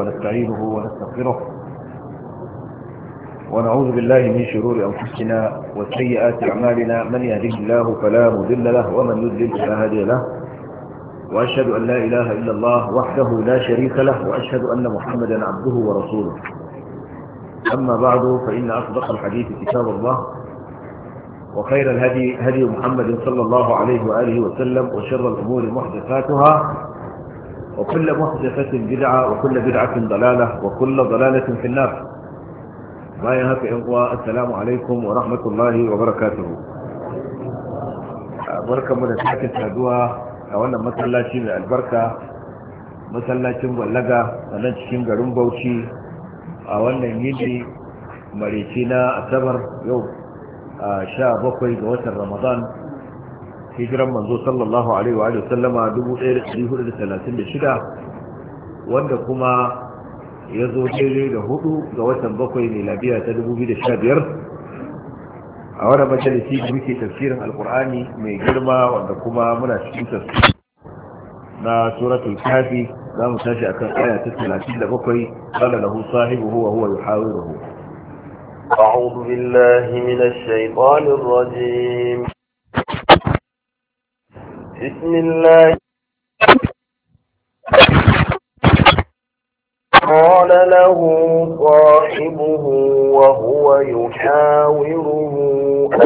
ونستعينه ونستغفره ونعوذ بالله من شرور أنفسنا وسيئات أعمالنا من يهده الله فلا مذل له ومن يذل فلا هادي له وأشهد أن لا إله إلا الله وحده لا شريك له وأشهد أن محمدا عبده ورسوله أما بعد فإن أصدق الحديث كتاب الله وخير الهدي هدي محمد صلى الله عليه وآله وسلم وشر الأمور محدثاتها وكل محدثة بدعة وكل بدعة ضلالة وكل ضلالة في النار ما ينهك إغواء السلام عليكم ورحمة الله وبركاته بركة من الساكن تهدوها أولا مسلاتي من البركة مسلاتي مبلغة ونجي مقرم بوشي أولا يجي مريتنا أتبر يوم sha bakwai ga watan ramadan hijiran manzo sallallahu alaihi wa sallama 1436 wanda kuma ya zo daidai da hudu ga watan bakwai miladiya ta 2015 a wani majalisi da muke tafsirin alkur'ani mai girma wanda kuma muna cikin tafsir na suratul kafi za mu tashi a kan aya ta 37 qala lahu sahibuhu wa huwa yuhawiruhu أعوذ بالله من الشيطان الرجيم بسم الله قال له صاحبه وهو يحاوره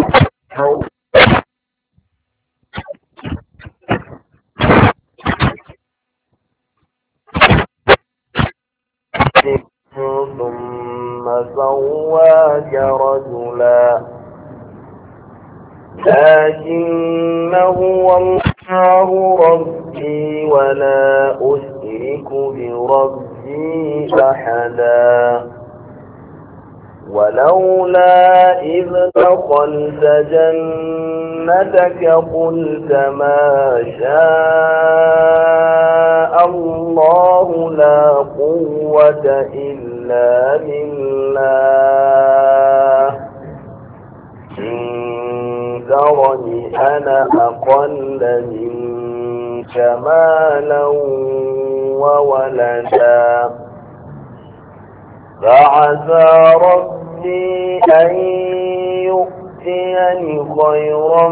نفسك قلت ما شاء الله لا قوة إلا بالله إن أنا أقل منك مالا وولدا فعسى ربي أن يؤتيني خيرا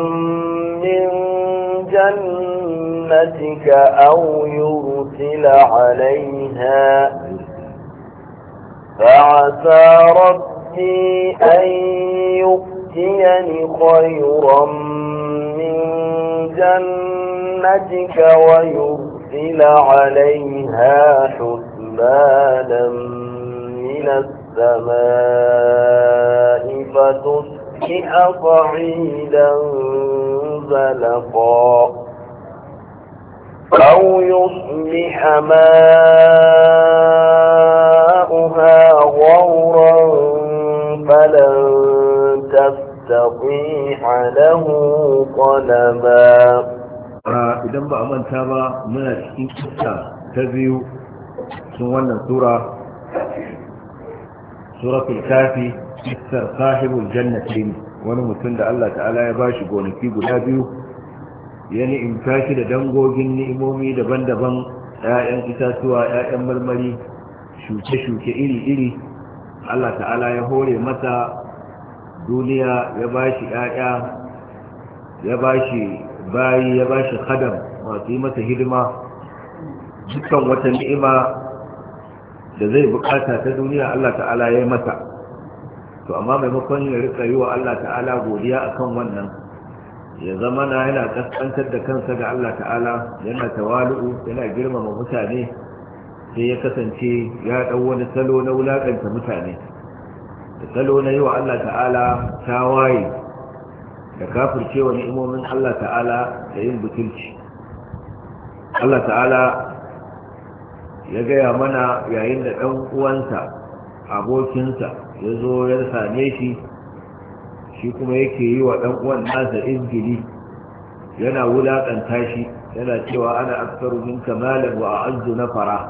بآياتك أو يرسل عليها فعسى ربي أن يؤتيني خيرا من جنتك ويرسل عليها حسبانا من السماء فتسكئ صعيدا زلقا أو يصبح ماؤها غورا فلن تستطيع له طلبا idan ba a manta ba muna cikin kisa ta biyu sun wannan tura suratul kafi kisar sahibul jannatin wani mutum da Allah ta'ala ya bashi gonaki guda biyu ya ni'imta shi da dangogin ni'imomi daban-daban ‘ya'yan itatuwa ‘ya'yan marmari shuke-shuke iri-iri Allah ta'ala ya hore masa duniya ya ba shi ‘ya'ya ya ba shi bayi ya ba shi kadam masu yi masa hidima dukkan wata ni'ima da zai bukata ta duniya Allah ta'ala ya yi masa to amma maimakon ya rika yi wa Allah ta'ala godiya a kan wannan ya zama na yana kaskantar da kansa ga Allah ta'ala yana tawalu'u yana girmama mutane sai ya kasance ya ɗau wani salo na wulaƙanta mutane da salo na yi wa Allah ta'ala waye da kafirce wa ni'imomin Allah ta'ala da yin butulci Allah ta'ala ya gaya mana yayin da ɗan uwansa abokinsa ya zo ya same shi shi kuma yake yi wa ɗan uwan nasa izgili yana wulaƙanta shi yana cewa ana aksaru min kamalan wa na fara.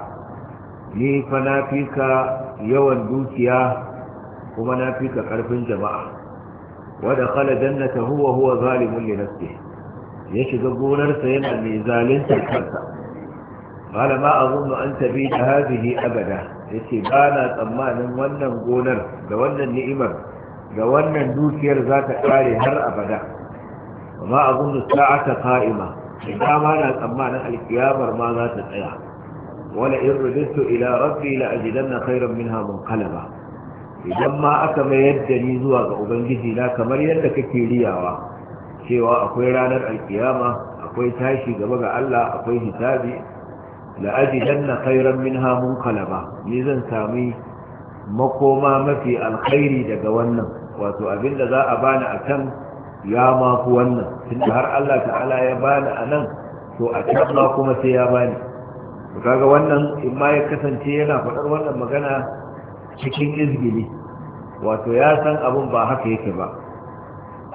ni fa na fi ka yawan dukiya kuma na fi ka ƙarfin jama'a wadda kala jannata huwa huwa zalimun li ya shiga gonarsa yana mai zalunta kansa malama azunnu an tabi ta hadhihi abada yace ba na tsammanin wannan gonar da wannan ni'imar ga wannan dukiyar za ta kare har abada amma abin da sa'ata ka'ima ina dama na tsammanin alkiyamar ma za ta tsaya wala in rudistu ila rabbi la ajidanna khairan minha munqalaba idan ma aka mayar da ni zuwa ga ubangiji na kamar yadda kake riyawa cewa akwai ranar alkiyama akwai tashi gaba ga Allah akwai hisabi la ajidanna khairan minha munqalaba ni zan sami makoma mafi alkhairi daga wannan wato abinda za a bani a can ya maku wannan tunda har Allah ta'ala ya bani a nan to a can ma kuma sai ya bani kaga wannan in ma ya kasance yana faɗar wannan magana cikin izgili wato ya san abin ba haka yake ba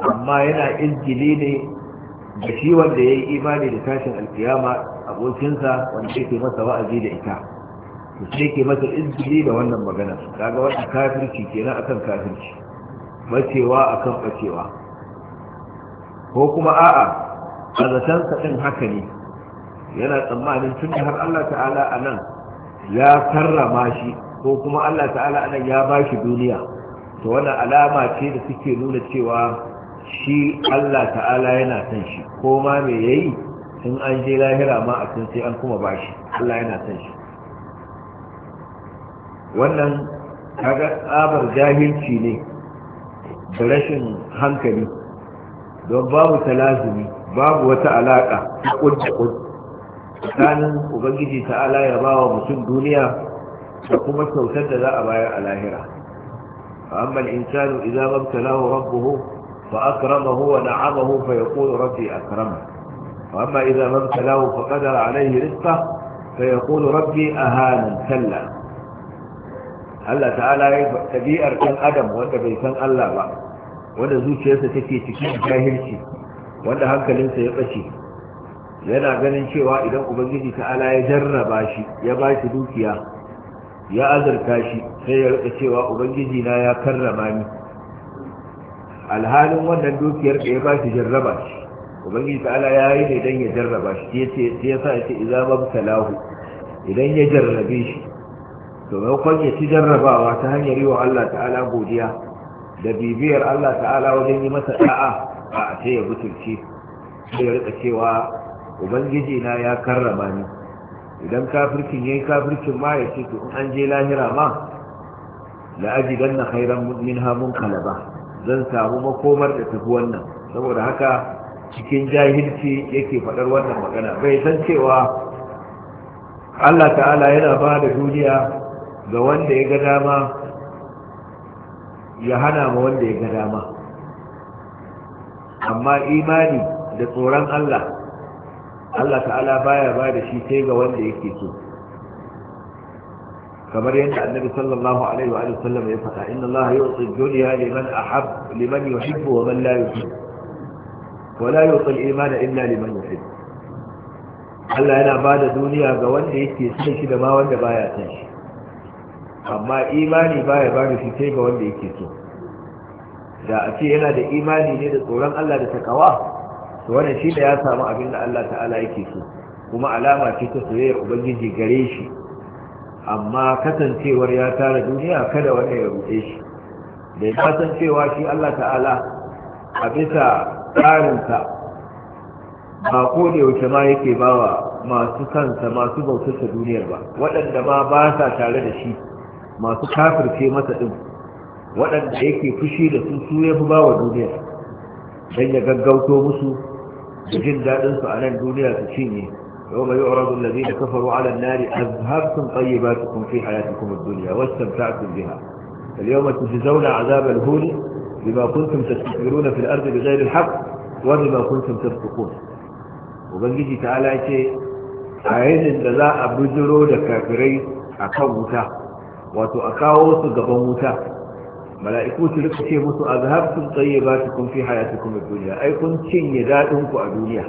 amma yana izgili ne da shi wanda ya yi imani da tashin alkiyama abokinsa wanda yake masa wa'azi da ita to sai ke masa izgili da wannan magana kaga wannan kafirci kenan akan kafirci bacewa akan bacewa ko kuma a'a a zaton kaɗin haka ne yana tsammanin tun har Allah ta'ala a nan ya karrama shi ko kuma Allah ta'ala a nan ya ba shi duniya to wannan alama ce da suke nuna cewa shi Allah ta'ala yana son shi ko ma me yayi in an je lahira ma a sai an kuma ba shi Allah yana son shi wannan kaga tsabar jahilci ne da rashin hankali don babu talazumi babu wata alaƙa ta ƙunce tsakanin ubangiji ta ta'ala ya ba wa mutum duniya da kuma kyautar da za a bayar a lahira amma al'insanu idan mabtalahu rabbuhu fa akramahu wa na'amahu fa yaqulu rabbi akrama wa amma idan mabtalahu fa qadara alayhi rizqa fa yaqulu rabbi ahana kalla Allah ta'ala ya tabi'ar kan adam wanda bai san Allah ba wanda zuciyarsa take cikin jahilci wanda hankalinsa ya ɓace yana ganin cewa idan ubangiji ta Ala ya jarraba shi ya ba shi dukiya ya azurta shi sai ya rika cewa ubangiji na ya karrama ni alhalin wannan dukiyar da ya ba shi jarraba shi ubangiji ta Ala ya yi ne don ya jarraba shi sai ya sa ya ce iza mabtalahu idan ya jarrabe shi to maimakon ya ci jarrabawa ta hanyar yi wa Allah ta'ala godiya da bibiyar Allah ta'ala wajen yi masa ta'a a ce ya butulci sai ya rika cewa ubangiji na ya karrama ni idan kafirkin yayi kafircin ma ya to in an je lahira ma la ajidanna khairan minha munqalaba zan samu makomar da tafi wannan saboda haka cikin jahilci yake faɗar wannan magana bai san cewa Allah ta'ala yana ba da duniya ga wanda ya ga dama ya hana ma wanda ya ga dama amma imani da tsoron Allah Allah ta'ala baya ba da shi sai ga wanda yake so kamar yadda annabi sallallahu alaihi wa sallam ya faɗa inna Allah yu'ti ad-dunya liman ahab liman yuhibbu wa man la yuhibbu wa la yu'ti al-iman illa liman yuhibbu Allah yana ba da duniya ga wanda yake son shi da ma wanda baya son shi amma imani baya bani shi sai ga wanda yake so da a ce yana da imani ne da tsoron Allah da takawa to wannan shi da ya samu abin da Allah ta'ala yake so kuma alama ce ta soyayya ubangiji gare shi amma kasancewar ya tara duniya kada wanda ya rute shi da ya shi Allah ta'ala a bisa tsarinsa ba ko da yaushe ma yake bawa masu kansa masu bautarsa duniyar ba waɗanda ma ba sa tare da shi masu kafirce masa din waɗanda yake fushi da su su ya fi ba wa duniya don ya gaggauto musu da jin daɗinsu a nan duniya su cinye يوم يعرض الذين كفروا على النار أذهبتم طيباتكم في حياتكم الدنيا واستمتعتم بها اليوم تجزون عذاب الهون بما كنتم تستكبرون في الأرض بغير الحق وبما كنتم تفسقون وبنجي تعالى شيء عين ان لا ابجروا لكافرين اكون متاح wato a kawo su gaban wuta mala'iku su rika ce musu azhabtum tayyibatukum fi hayatikum kuma duniya. ai kun cinye daɗin ku a duniya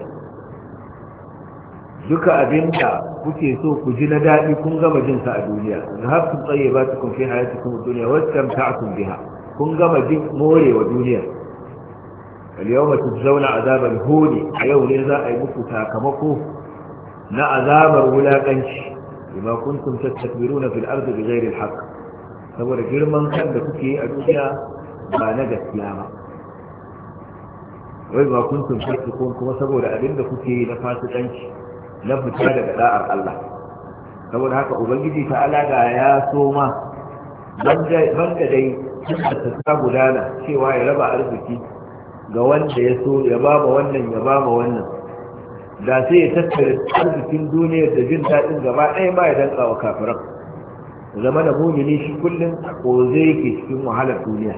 duka abinda kuke so ku ji na daɗi kun gama jin sa a duniya azhabtum tayyibatukum fi hayatikum ad-dunya wastamta'tum biha kun gama jin wa duniya اليوم تجزون عذاب الهون a yau ne za a yi muku sakamako na azabar wulakanci. bima kuntum tastakbiruna fil ardi bighairi alhaq saboda girman kan da kuke a duniya ba na gaskiya ba wai ba kuntum kuma saboda abin da kuke na fasikanci na fita daga da'ar Allah saboda haka ubangiji ta alaga ya so ma banga dai da ta gudana cewa ya raba arziki ga wanda ya so ya ba wannan ya ba wannan da sai ya tattare arzikin duniyar da jin daɗin gaba ɗaya ba ya danka wa kafiran zama da mumini shi kullum a ƙoze yake cikin wahalar duniya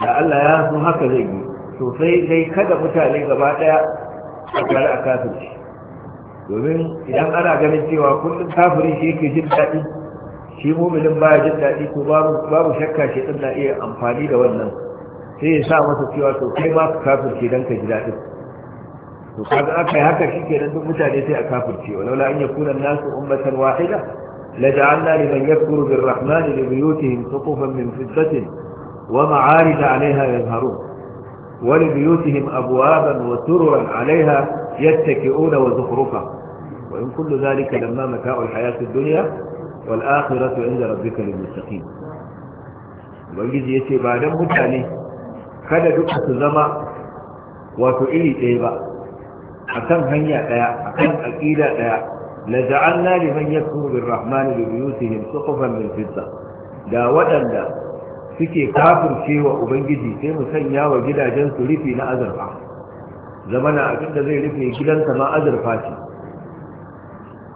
da Allah ya so haka zai yi sosai dai kada mutane gaba ɗaya a kare a kafirci domin idan ana ganin cewa kullum kafirin shi yake jin daɗi shi muminin ba jin daɗi ko babu shakka shi ɗin na iya amfani da wannan sai ya sa masa cewa to kai ba ka kafirci don ka ji daɗin to kaga aka yi haka shi kenan duk mutane sai a kafirce wa laula an yakuna nasu ummatan wahida la ja'alna liman yakfuru birrahman li buyutihim suqufan min fiddatin wa ma'arij 'alayha yazharun wa li buyutihim abwaban wa sururan 'alayha yattaki'una wa zukhrufa wa in kullu dhalika lamma mata'u al-hayati ad-dunya wal akhiratu 'inda rabbika lil muttaqin ubangiji yace ba dan mutane kada duk su zama wato iri ɗaya ba akan hanya ɗaya, akan aƙida ɗaya la ja'alna liman yakfuru birrahmani li buyutihim suqufan min fidda da waɗanda suke wa ubangiji sai mu sanya wa gidajen su rufi na azurfa zamana abin da zai rufe gidansa ma azurfa ce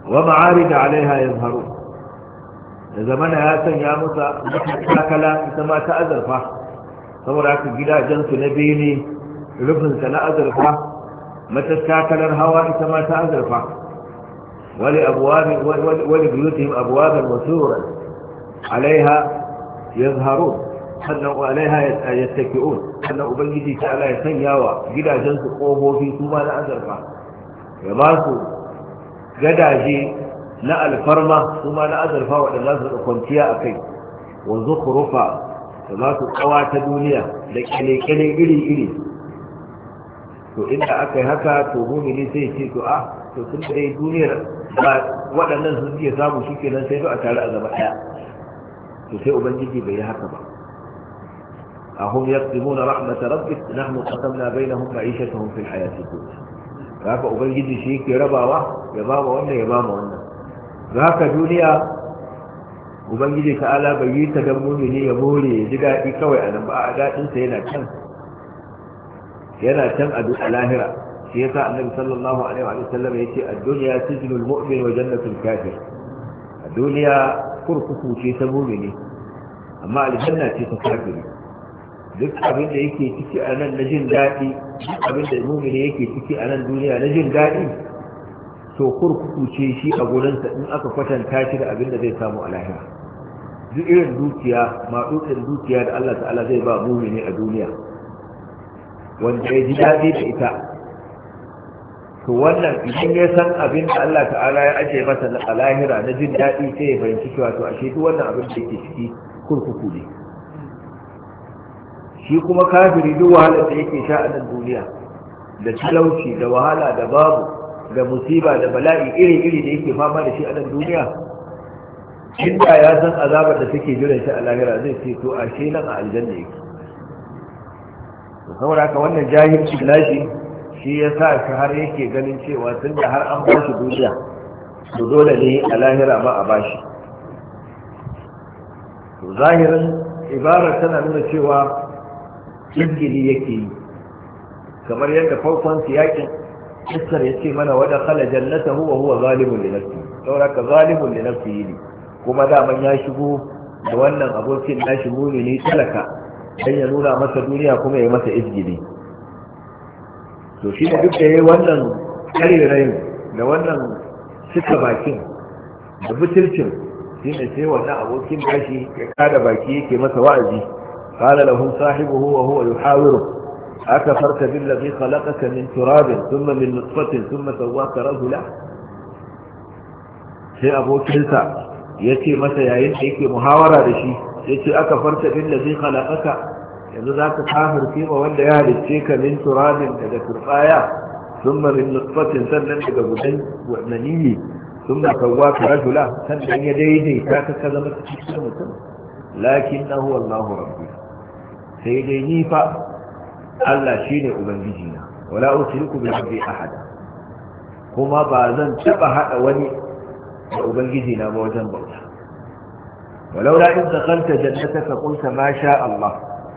wa ma'arida alaiha yazharu da zamana ya sanya musa takala ita ma ta azurfa saboda haka gidajensu na bene rufinsa na azurfa matattakalar hawa ita ma ta azurfa wali abuwabin wali buyutihim abuwabin masuran alaiha yazharun sannan alaiha yattaki'un sannan ubangiji ta ala ya sanya wa gidajensu ƙofofi su ma na azurfa ya ba su gadaje na alfarma su ma na azurfa waɗanda su da kwanciya a kai wa zukhrufa da ba su ƙawa ta duniya da ƙyale-ƙyale iri-iri to inda aka yi haka to mumini sai ce to ah to sun dai duniyar ba waɗannan sun iya samu shi ke nan sai zo tare a gaba ɗaya to sai ubangiji bai yi haka ba a hum ya tsimo na rahmat rabbi na mu kasam bai na hum ma'isha ta hum fil ce ko ubangiji shi ke rabawa ya ba wannan ya ba wannan haka duniya ubangiji ta ala bai yi ta don mumini ya more ya ji daɗi kawai a nan ba a daɗinsa yana can yana can a duk lahira shi yasa annabi sallallahu alaihi wa sallam yace ad-dunya sijnul mu'min wa jannatul kafir ad-dunya kurkuku ce ta mu'mini amma aljanna ce ta kafiri duk abin da yake ciki a nan na jin daɗi duk abin da mu'mini yake ciki a nan duniya na jin daɗi to kurkuku ce shi a gurinsa in aka kwatanta shi da abin da zai samu a lahira duk irin dukiya maɗuɗin dukiya da Allah ta'ala zai ba mumini a duniya wanda ya ji daɗi da ita to wannan idan ya san abin da Allah ta'ala ya aje masa na alahira na jin daɗi sai ya fahimci cewa to ashe duk wannan abin da yake ciki kurkuku ne shi kuma kafiri duk wahalar da yake sha a nan duniya da talauci da wahala da babu da musiba da bala'i iri-iri da yake fama da shi a nan duniya inda ya san azabar da take jiran shi a lahira zai ce to ashe nan a aljanna yake to saboda haka wannan jahilci nashi shi ya sa shi har yake ganin cewa tun da har an ba shi duniya to dole ne a lahira ba a ba shi to zahirin ibarar tana nuna cewa jirgin yake yi kamar yadda farkon yakin, kistar ya ce mana wadda kala jannata huwa huwa zalimun da nafi saboda ka zalimun nafi yi ne kuma daman ya shigo da wannan abokin nashi muni ne talaka dan ya nuna masa duniya kuma ya masa izgili to shi ne duk da yayi wannan karirayin da wannan suka bakin da butulcin shi ne sai wannan abokin bashi ya kada baki yake masa wa'azi qala lahum sahibuhu wa huwa yuhawiru أكفرت بالذي خلقك من تراب ثم من نطفة ثم سواك رجلا sai abokinsa ya ce masa yayin da yake muhawara da shi yace aka farta bin da zai halakaka yanzu za ka kafirce ma wanda ya halicce ka min turabin daga turbaya sun ma min nutfatin sannan daga gudan wadaniyi sun ma kawwa ka rajula sannan ya daidaita ka ka zama cikin mutum lakin na huwa Allahu rabbi sai dai ni fa Allah shi ne ubangiji na wala ushriku bi rabbi ahada kuma ba zan taba hada wani da ubangiji na ba wajen bauta ولولا إن دخلت جنتك قلت ما شاء الله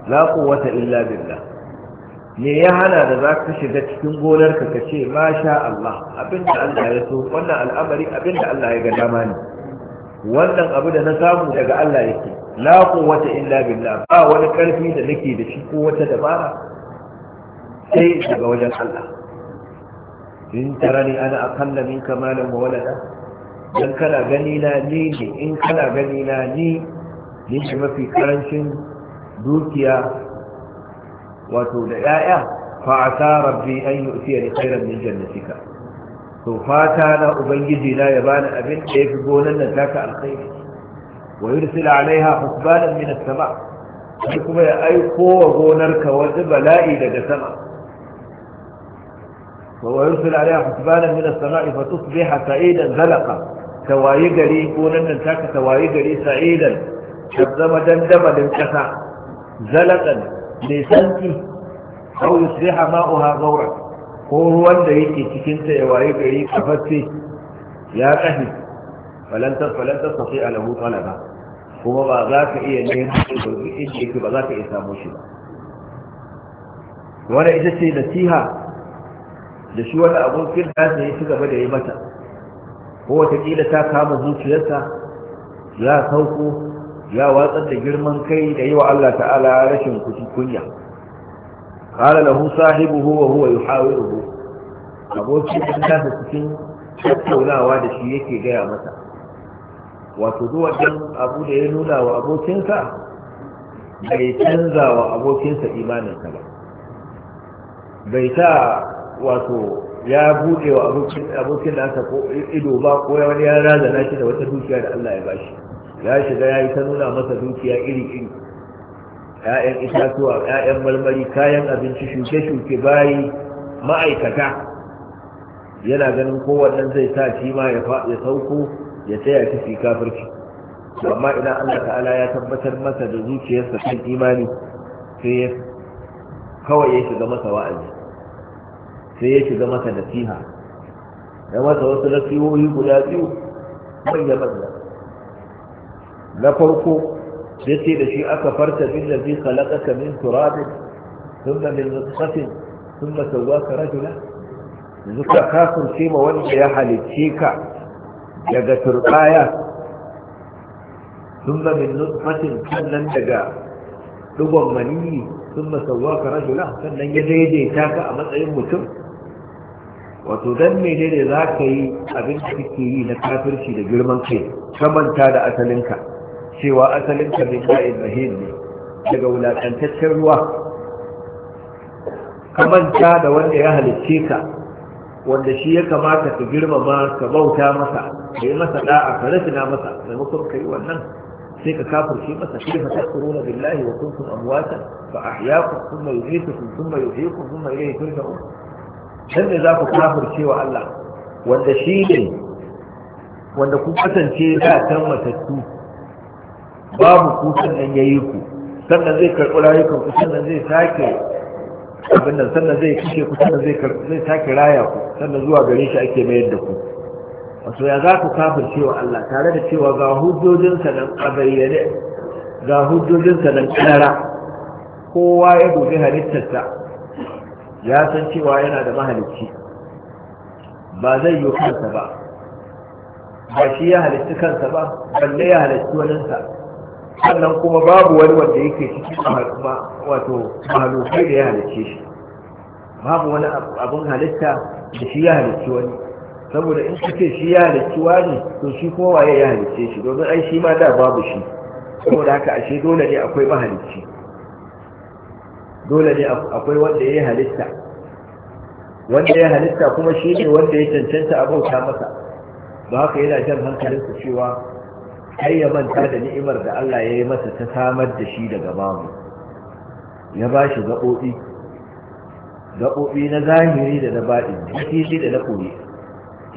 لا قوة إلا بالله me ya hana da za ka shiga cikin gonarka ka ce ma sha Allah abinda Allah ya so wannan al'amari abinda Allah ya ga dama ne wannan abu da na samu daga Allah yake la quwwata illa billah ba wani karfi da nake da shi ko wata dabara sai daga wajen Allah in tarani ana aqalla minka malan wa walada don kana gani na ni ne in kana gani na ni ne ne mafi karancin dukiya wato da 'ya'ya fa a fa'ata rabbi an yi usiya ne khairan min jannatika to fata na ubangiji na ya bani abin da ya yafi gonan nan taka alkhairi wa yursila alaiha husbanan min as-sama sai kuma ya aiko wa gonarka wani bala'i daga sama ويرسل عليها حسبانا من السماء فتصبح سعيدا زلقا tawaye gari gonan nan taka tawaye gari sa'idan ta zama dandamalin ƙasa zalatsan mai santi au yusriha ma'uha gauran ko ruwan da yake cikin ta ya wayi gari kafasse ya kashi falantar falantar safi a lahu talaba kuma ba za ka iya neman inda yake ba za ka iya samu shi ba wani ita ce nasiha da shi wani abun da ya ci gaba da yi mata ko wataƙila ta kama zuciyarsa ya sauko ya watsar da girman kai da yi wa Allah ta'ala rashin kuci kunya qala lahu sahibuhu wa huwa yuhawiruhu abokin da ta cikin tattaunawa da shi yake gaya masa wato zuwa wannan abu da ya nuna wa abokinsa bai canza wa abokinsa imaninsa ba bai ta wato ya buɗe wa abokin da aka ido ba ko wani ya razana shi da wata dukiya da Allah ya bashi ya shiga ya yi ta nuna masa dukiya iri-iri ‘ya'yan itatuwa ‘ya'yan marmari kayan abinci shuke-shuke bayi ma'aikata yana ganin kowannen zai sa shi ma ya sauko ya tsaya shi fi kafirci amma idan Allah ta'ala ya tabbatar masa da zuciyarsa kan imani sai kawai ya shiga masa wa'azi sai ya shiga masa nasiha ya masa wasu nasihohi guda biyu manya manya na farko ya ce da shi aka farta bin da zai halakaka min turabin sun da min nutfatin sun da sauwa ka rajula yanzu ka kafin ma wanda ya halicce ka daga turbaya sun da min nutfatin sannan daga dugon maniyi sun da sauwa ka rajula sannan ya daidaita ka a matsayin mutum wato dan menene za ka yi abin da kake yi na kafirci da girman kai kamanta da asalinka cewa asalinka min ma'in rahim ne daga wulaƙantaccen ruwa kamanta da wanda ya halicce ka wanda shi ya kamata ka girmama ka bauta masa ka yi masa da'a ka rasina masa maimakon ka yi wannan sai ka kafirce masa shi fa tasruna billahi wa kuntum amwatan fa ahyaakum thumma yuhyikum thumma yuhyikum thumma ilayhi turja'un can ne za ku kafirce wa Allah wanda shi ne wanda ku kasance a can matattu babu ku sannan yi ku sannan zai karɓi rayukan ku sannan zai sake abin sannan zai kishe ku sannan zai sake raya ku sannan zuwa gare shi ake mayar da ku wato ya za ku kafirce wa Allah tare da cewa ga hujjojinsa nan a bayyane ga hujjojinsa nan ƙarara kowa ya dubi halittarsa ya san cewa yana da mahalicci ba zai yi kansa ba ba shi ya halitti kansa ba balle ya halitti waninsa sannan kuma babu wani wanda yake ciki wato mahalukai da ya halicce shi babu wani abin halitta da shi ya halicci wani saboda in ka shi ya halicci wani to shi kowa waye ya halicce shi domin ai shi ma da babu shi saboda haka ashe dole ne akwai mahalicci dole ne akwai wanda ya halitta wanda ya halitta kuma shi ne wanda ya cancanta a bauta masa ba haka yana jan hankalinsu cewa har ya manta da ni'imar da Allah ya yi masa ta samar da shi daga babu ya ba shi gaɓoɓi gaɓoɓi na zahiri da na baɗin jiki da na koyi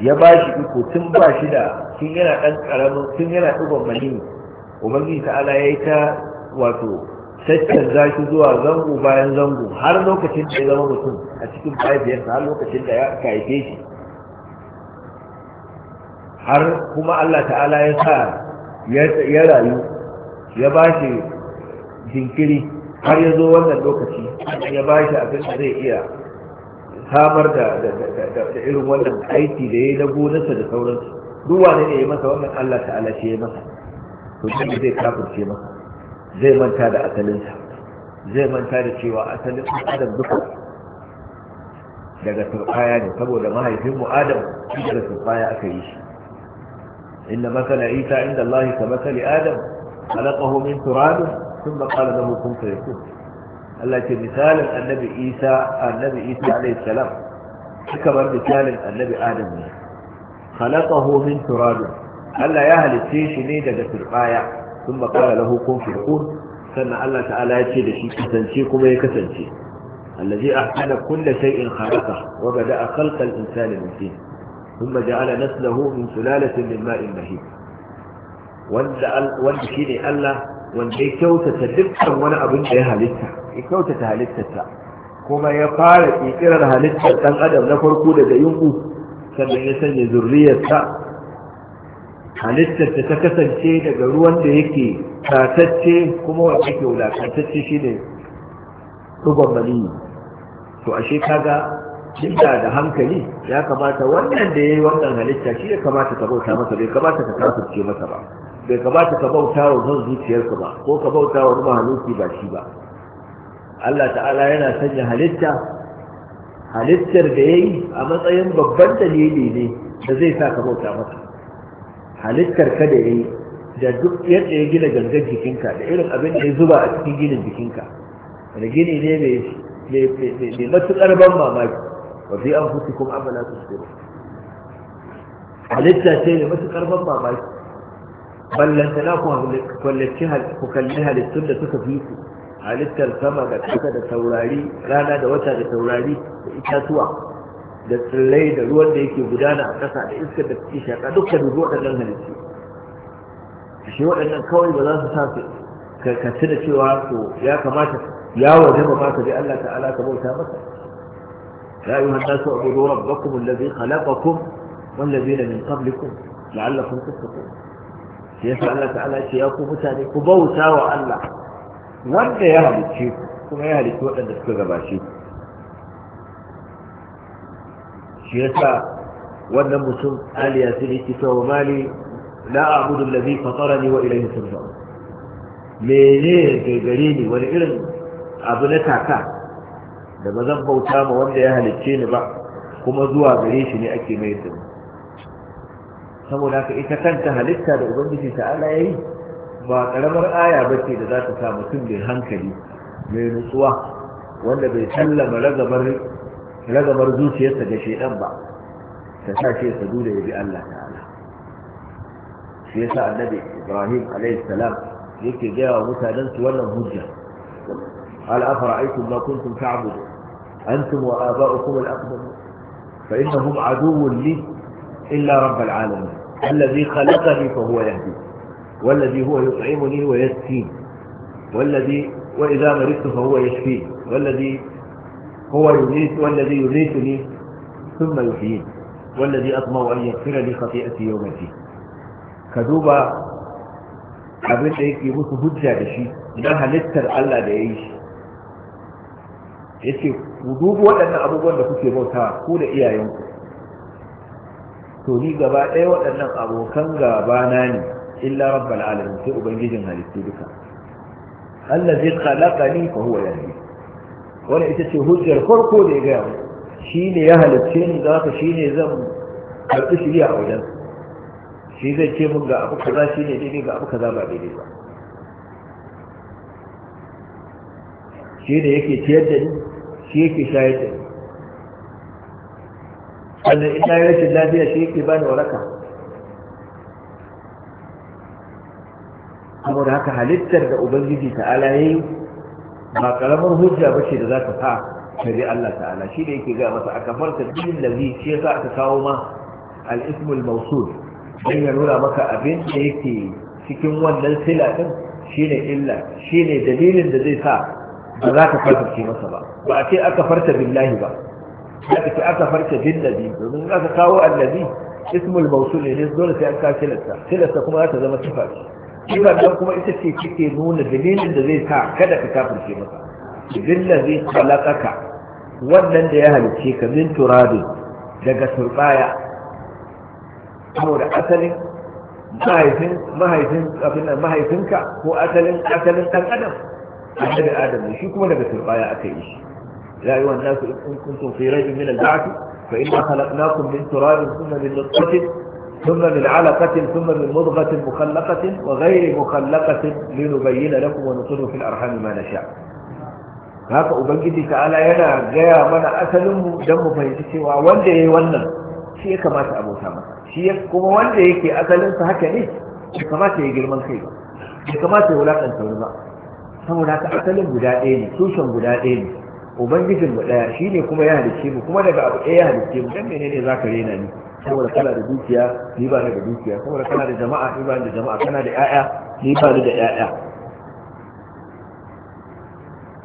ya ba shi iko tun ba shi da tun yana ɗan ƙaramin tun yana ɗigon mani ubangiji ta'ala ya yi ta wato tattanza shi zuwa zango bayan zango har lokacin da ya zama mutum a cikin mahaifiyarsa har lokacin da ya haife shi har kuma Allah ta'ala ya sa ya rayu ya ba shi jinkiri har ya zo wannan lokaci ya ba shi abin da zai iya samar da irin wannan aiki da ya yi na gonarsa da sauransu duk wane ne ya yi masa wannan Allah ta'ala shi ya masa to shi zai kafirce masa zai manta da asalinsa zai manta da cewa asalin adam duka daga turfaya ne saboda mahaifinmu adam shi daga turfaya aka yi shi inda masala isa inda Allah ta masali adam halakahu min turadu sun makala na hukun fayakun Allah ce misalin annabi isa annabi isa alaihi salam shi kamar misalin annabi adam ne halakahu min turabin Allah ya halicce shi ne daga turfaya ثم قال له كن ya سنة الله تعالى ya kasance كسنشي كما يكسنشي الذي أحسن كل شيء خلقه وبدأ خلق الإنسان من فيه ثم جعل نسله من سلالة من ماء مهين wanda shi ne Allah wanda ya kyautata dukkan wani abin da ya halitta ya kyautata halittarsa kuma ya fara ƙirƙirar halittar ɗan adam na farko daga yunku sannan ya sanya zurriyarsa halittar da ta kasance daga ruwan da yake tatacce kuma wa yake wulatacce shi ne ɗugon maniyi to ashe ga jinta da hankali ya kamata wannan da ya yi wannan halitta shi ya kamata ka bauta masa bai kamata ka kasance masa ba bai kamata ka bauta wa zan zuciyarka ba ko ka bauta wa mahaluki ba shi ba Allah ta'ala yana sanya halitta halittar da ya yi a matsayin babban dalili ne da zai sa ka bauta masa halittar ka da yi da duk yadda ya gina gangan jikinka da irin abin da ya zuba a cikin ginin jikinka da gini ne mai matuƙar ban mamaki wa fi an fusi kuma amma na tusiro halitta ce mai matuƙar ban mamaki ballanta na ku kalli halittun da suka fi su halittar sama da ƙasa da taurari rana da wata da taurari da itatuwa da tsirrai da ruwan da yake gudana a ƙasa da iskar da take shaƙa duk ka dubi waɗannan halittu shi waɗannan kawai ba za su sa su ka tuna cewa to ya kamata ya waje ba ka bi Allah ta'ala ka bauta masa ya yi hannun su abu ruwan rabbakum allazi khalaqakum wallazina min qablikum la'allakum tattaqun sai yasa Allah ta'ala ce ya ku mutane ku bauta wa Allah wanda ya halicce ku kuma ya halicce waɗanda suka gabace ku shi yasa wannan mutum ali yasir yake cewa mali la a'budu allazi fatarani wa ilayhi turja mene ke gare ni wani irin abu na taka da ba zan bauta ma wanda ya halicce ni ba kuma zuwa gare shi ne ake mai da saboda haka ita kanta halitta da ubangiji ta'ala yayi ba karamar aya ba ce da za ta sa mutum mai hankali mai nutsuwa wanda bai sallama ragabar ragabar zuciyarsa ga shaidan ba ta sa ce sadu da Allah ta'ala shi annabi ibrahim a.s. yake gaya wa mutanen su wannan hujja al'afa ra'aikun ma kuntun ta'abudu antum wa aba ukum al'akbar fa inna hum aduwun li illa rabba al'alami allazi khalaqani fa huwa yahdi wallazi huwa yut'imuni wa yaskin wallazi wa idza maridtu fa huwa yashfi wallazi هو يميت والذي يميتني ثم يحييني والذي أطمع أن يغفر لي خطيئتي يوم الدين كذوبا abin da yake musu hujja da shi don halittar Allah da ya yi shi ya ce ku dubu waɗannan abubuwan da kuke bauta ku da iyayenku to ni gaba ɗaya waɗannan abokan gaba na ne illa rabbal alamin sai ubangijin halittu duka Allah zai khalaqa ni fa huwa yahdi wani ita ce hujjar farko da ya gaya shi ne ya halicce ni za ka shi ne zan karɓi shirya a wajen shi zai ce mun ga abu kaza shi ne daidai ga abu kaza ba daidai ba shi ne yake ciyar da ni shi yake shayar da ni sannan ina yi rashin lafiya shi yake bani waraka saboda haka halittar da ubangiji ta'ala ya yi ba karamar hujja ba ce da za ta sa shari Allah ta'ala shi da yake gaya masa a kafar ta bin lazi shi yasa aka kawo ma al-ismul mawsul dan ya nuna maka abin da yake cikin wannan sila din ne illa Shi ne dalilin da zai sa ba za ka farfarce masa ba ba a ce aka farta billahi ba aka ce aka farta Nabi. domin za ka kawo allazi ismul mawsul ne ne dole sai an ka silarsa silarsa kuma za ta zama sifa ce kiran don kuma ita ce kike nuna dalilin da zai sa kada ka kafirce masa dilla zai khalaqaka wannan da ya halice ka min turabi daga turbaya saboda asalin mahaifin mahaifin abin nan mahaifinka ko asalin asalin dan adam annabi adam shi kuma daga turbaya aka yi shi ya yi su in kuntum fi raibin min al-ba'th fa inna khalaqnakum min turabin thumma min nutfatin ثم من علقة ثم من مضغة مخلقة وغير مخلقة لنبين لكم ونقر في الأرحام ما نشاء haka ubangiji ta'ala yana gaya mana asalinmu don mu fahimci cewa wanda ya yi wannan shi ya kamata a bauta masa kuma wanda yake asalinsa haka ne shi kamata ya girman kai ba shi kamata ya wulakanta wani ba saboda haka asalin guda ɗaya ne tushen guda ɗaya ne ubangijin mu ɗaya shi ne kuma ya halicce mu kuma daga abu ɗaya ya halicce mu dan menene za ka ni saboda kana da dukiya ni ba ni da dukiya saboda kana da jama'a ni ba ni da jama'a kana da ƴaƴa ni ba ni da ƴaƴa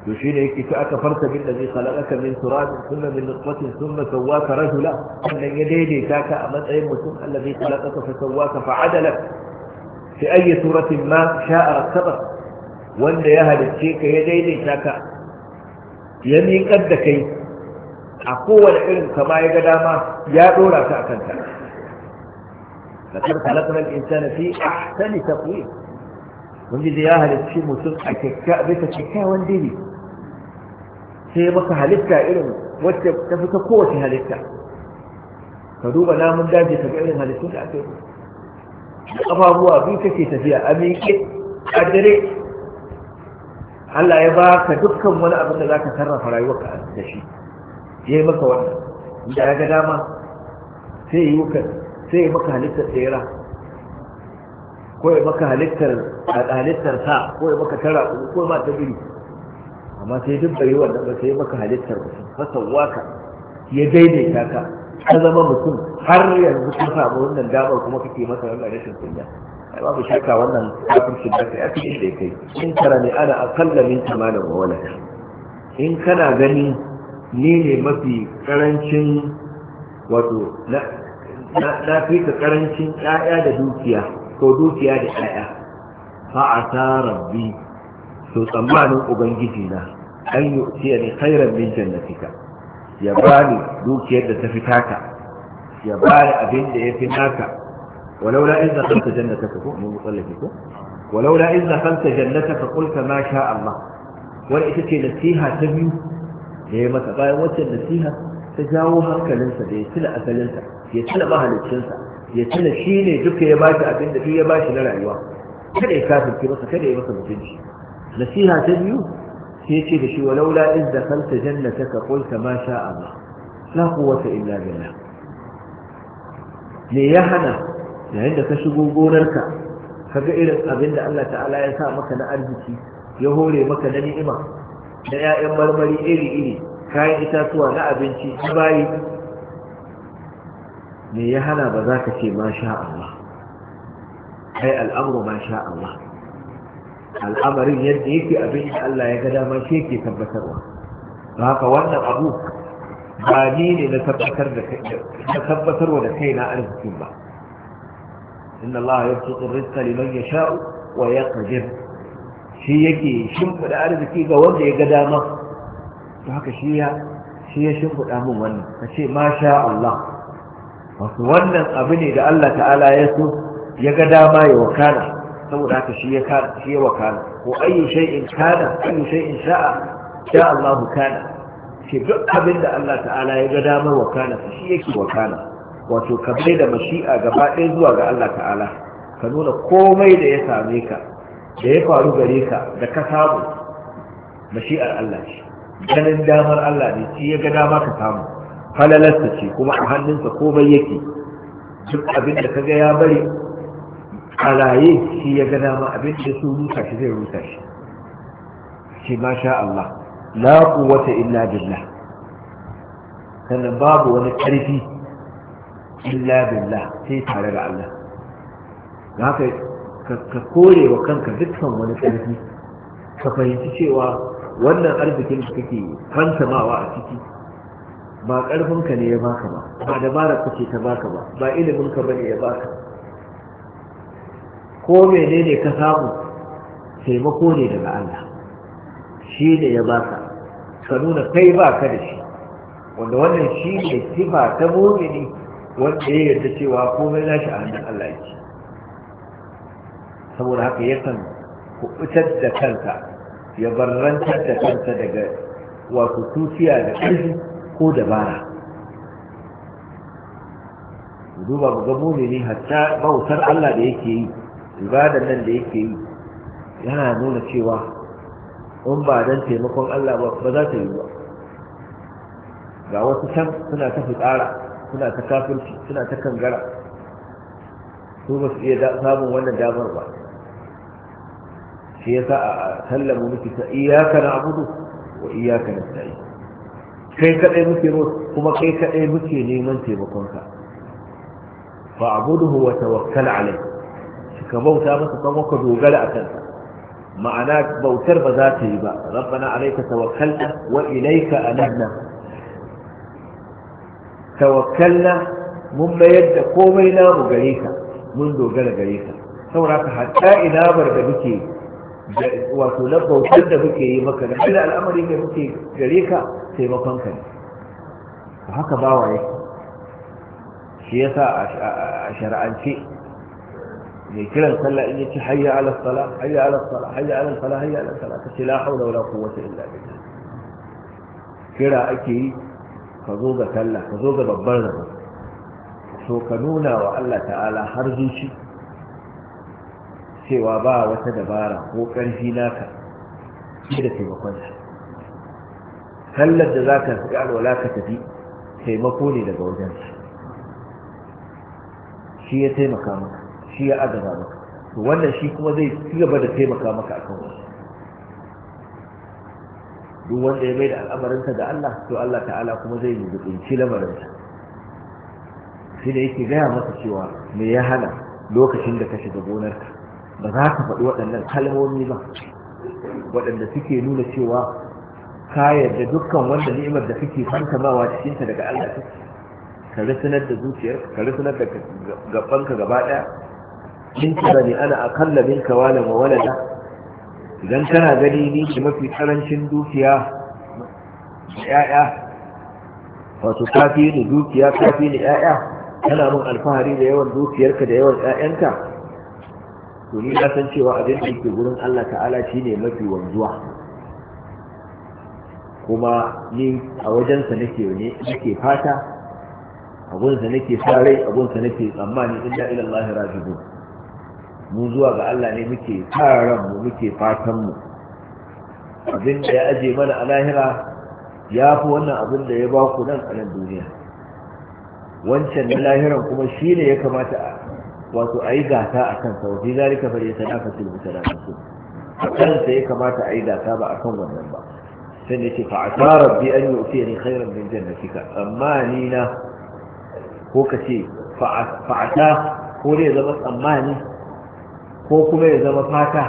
to shi ne yake ta aka farta bin da zai khalaqaka min turab thumma min nutfatin thumma sawwaka rajula wannan ya daidaita ka a matsayin mutum allazi khalaqaka fa sawwaka fa adalak fi ayi suratin ma sha'a rakkabak wanda ya halicce ka ya daidaita ka ya miƙar da kai a kowane irin kama ya ga dama ya dora ta akan ta lakar kalakar insana fi ta taqwim mun ji ya halitta mutum a kyakkyawa bisa kyakkyawan dini sai maka halitta irin wacce ta fi ta kowace halitta ka duba namun daji ka ga irin halittun da aka yi ababuwa biyu kake tafiya a miƙe a dare Allah ya ba ka dukkan wani abin da za ka sarrafa rayuwarka da shi ya yi maka wannan da ya ga dama sai yi maka sai yi maka halittar tsera ko ya maka halittar halittar sa ko ya maka tara ko ma ta biri amma sai duk bai wannan ba sai yi maka halittar mutum fasawa ka ya daidaita ka ka zama mutum har yanzu ka samu wannan damar kuma kake masa wannan rashin kunya ai babu shakka wannan kafin kafircin da kai ake inda kai in tara ne ana akalla min tamanin wa wala in kana gani ni ne mafi karancin wato na fi ka karancin ƴaƴa da dukiya ko dukiya da ƴaƴa fa asa rabbi to tsammanin ubangiji na an yi tiya ne min jannati ka. ya bani dukiyar da ta fita ka. ya bani abin da ya fi naka ولولا ko. دخلت جنتك من kanta jannata ka دخلت جنتك sha ما Wani ita ce nasiha ta biyu? da ya masa bayan wancan nasiha ta jawo hankalinsa da ya tuna asalinsa ya tuna mahaliccinsa ya tuna shi ne duk ya ba shi abin da ya ba shi na rayuwa kada ya kafirce masa kada ya masa mutunci nasiha ta biyu sai ce da shi wa walaula in jannata ka qulta ma sha Allah la quwwata illa billah me ya hana yayin da ka shigo gonarka kaga irin abin da Allah ta'ala ya sa maka na arziki ya hore maka na ni'ima da 'ya'yan marmari iri-iri kayan itatuwa na abinci na bayi me ya hana ba za ka ce ma sha Allah Kai al'amuru ma sha Allah al'amarin yadda yake abin da Allah ya ga dama shi yake tabbatarwa ba ka wannan abu ba ni ne na tabbatarwa da kai na arzikin ba inna Allah yabsutu rizqa liman sha'u wa yaqdir shi yake shimfiɗa arziki ga wanda ya ga dama to haka shi ya shi ya shimfiɗa min wannan ka ce masha Allah wasu wannan abu ne da Allah ta'ala ya so ya ga dama ya wakana saboda haka shi ya kana shi ya wakana ko ayyu shay'in kana ayyu shay'in sha'a sha Allah kana shi duk abin da Allah ta'ala ya ga dama wakana shi yake wakana wato ka da mashi'a gaba ɗaya zuwa ga Allah ta'ala ka nuna komai da ya same ka da ya faru gare ka da ka samu mashi'ar Allah ce ganin damar Allah ne shi ya ga dama ka samu falalarsa ce kuma a hannunsa komai yake duk abin da ka ga ya bari a raye shi ya ga dama abin da su rusa shi zai rusa shi ce ma sha Allah la quwwata illa billah sannan babu wani karfi illa billah sai tare da Allah haka ka kore wa kanka dukkan wani ƙarfi ka fahimci cewa wannan arzikin da kake fantamawa a ciki ba ƙarfinka ne ya baka ba ba dabarar kake ta baka ba ba iliminka ba ne ya baka ko menene ka samu taimako ne daga Allah shi ne ya baka ka nuna kai ba ka da shi wanda wannan shi ne sifa ta mumini wanda ya yarda cewa komai nashi a hannun Allah yake saboda haka yakan kubutar da kanta, ya barrantar da kanta, daga wato tuciya da ƙarfi ko dabara duba ga ne, hatta bautar Allah da yake yi ibadan nan da yake yi yana nuna cewa in ba dan taimakon Allah ba ba za ta yi ba ga wasu can suna ta fitsara suna ta kafirci suna ta kangara su ba su iya samun wannan damar ba shi yasa a sallama muke ta na na'budu wa iyyaka nasta'in kai kadai muke kuma kai kadai muke neman taimakonka fa'buduhu wa tawakkal alayh ka bauta masa kan waka dogara a kansa ma'ana bautar ba za ta yi ba rabbana alayka tawakkalna wa ilayka anabna tawakkalna mun mayar da komai namu gare ka mun dogara gare ka saboda ka hatta ina bar da muke wato na bautar da muke yi maka da da al'amari ne muke gare ka taimakon ka ne haka bawa yake shi ya sa a shara'ance mai kiran sallah in yace hayya ala sala hayya ala sala hayya ala sala hayya ala sala kace la haula wala quwwata illa billah kira ake yi ka zo ga sallah ka zo ga babbar rabo so ka nuna wa Allah ta'ala har zuci. cewa ba wata dabara ko ƙarfi naka shi da taimakonsa sallar da za ka fi alwala ka tafi taimako ne daga wajensa shi ya taimaka maka shi ya agaba maka to wannan shi kuma zai ci gaba da taimaka maka a akan wasu duk wanda ya mai da al'amarinsa da Allah to Allah ta'ala kuma zai yi zubinci lamarinsa shi da yake gaya masa cewa me ya hana lokacin da ka shiga gonarka ba za ka faɗi waɗannan kalmomi ba waɗanda suke nuna cewa ka yarda dukkan wanda ni'imar da kake fantamawa cikinta daga Allah ta ka rasunar da zuciyar ka rasunar da gabanka gaba ɗaya in ka ana akalla min ka wala wa walada idan kana gani ni ki mafi karancin dukiya da ƴaƴa wato kafi ni dukiya kafi ni ƴaƴa kana mun alfahari da yawan dukiyarka da yawan ƴaƴanka to ni na san cewa abin da yake gurin Allah ta'ala shine mafi wanzuwa kuma ni a wajensa nake ne nake fata a nake sa rai a nake tsammani inda ila Allah rajibu mu zuwa ga Allah ne muke sa mu muke fatan mu abin da ya aje mana a lahira ya fi wannan abin da ya baku nan a nan duniya wancan na lahiran kuma shi ne ya kamata wato a yi gasa a kan sa wafi zalika fa yasa da fasil bi salatu a kansa ya kamata a yi gasa ba a kan wannan ba sai ne ce fa asa rabbi an yu'ti ni khairan min jannatika amma ni na ko ka ce fa asa ko ne zama tsammani ko kuma ya zama fata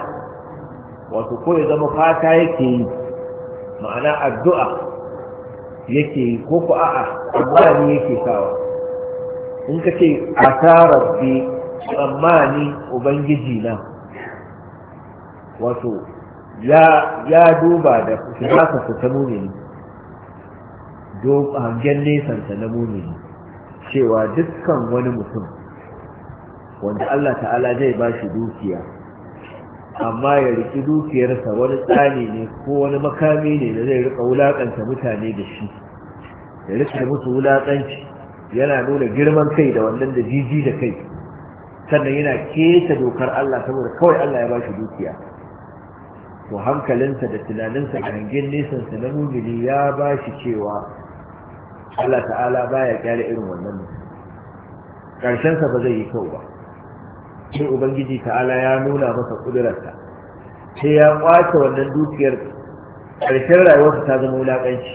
wato ko ya zama fata yake yi ma'ana addu'a yake yi ko ku a'a tsammani yake sawa in ka ce a asa rabbi tsammani ubangiji na wato ya duba da shirasa su ta mumini hangen nesansa na mumini cewa dukkan wani mutum wanda Allah ta'ala zai ba shi dukiya amma ya riki dukiyarsa wani tsani ne ko wani makami ne da zai rika wulakanta mutane da shi ya rika musu wulakanci yana nuna girman kai da wannan da jiji da kai sannan yana keta dokar Allah saboda kawai Allah ya ba shi dukiya to hankalinsa da tunaninsa a hangen nesansa na mumini ya ba shi cewa Allah ta'ala baya kyale irin wannan karshensa ba zai yi kyau ba sai ubangiji ta'ala ya nuna masa kudurarsa sai ya kwace wannan dukiyar karshen rayuwarsa ta zama wulaƙanci.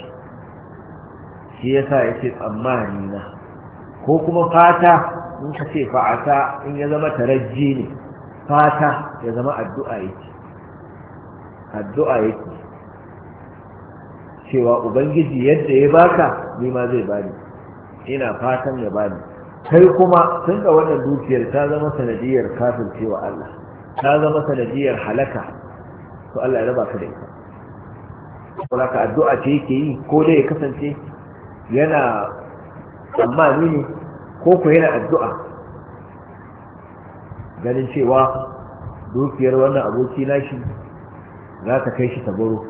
shi yasa ce tsammani na ko kuma fata in ka ce fa'ata in ya zama tarajji ne fata ya zama addu'a yake addu'a yake cewa ubangiji yadda ya baka ni ma zai bani ina fatan ya bani kai kuma tun da wannan dukiyar ta zama sanadiyar kafin cewa Allah ta zama sanadiyar halaka to Allah ya raba ka da ita kuma ka addu'a ce yake yi ko dai ya kasance yana tsammani ne ko ku yana addu'a ganin cewa dukiyar wannan aboki nashi za ta kai shi tabaro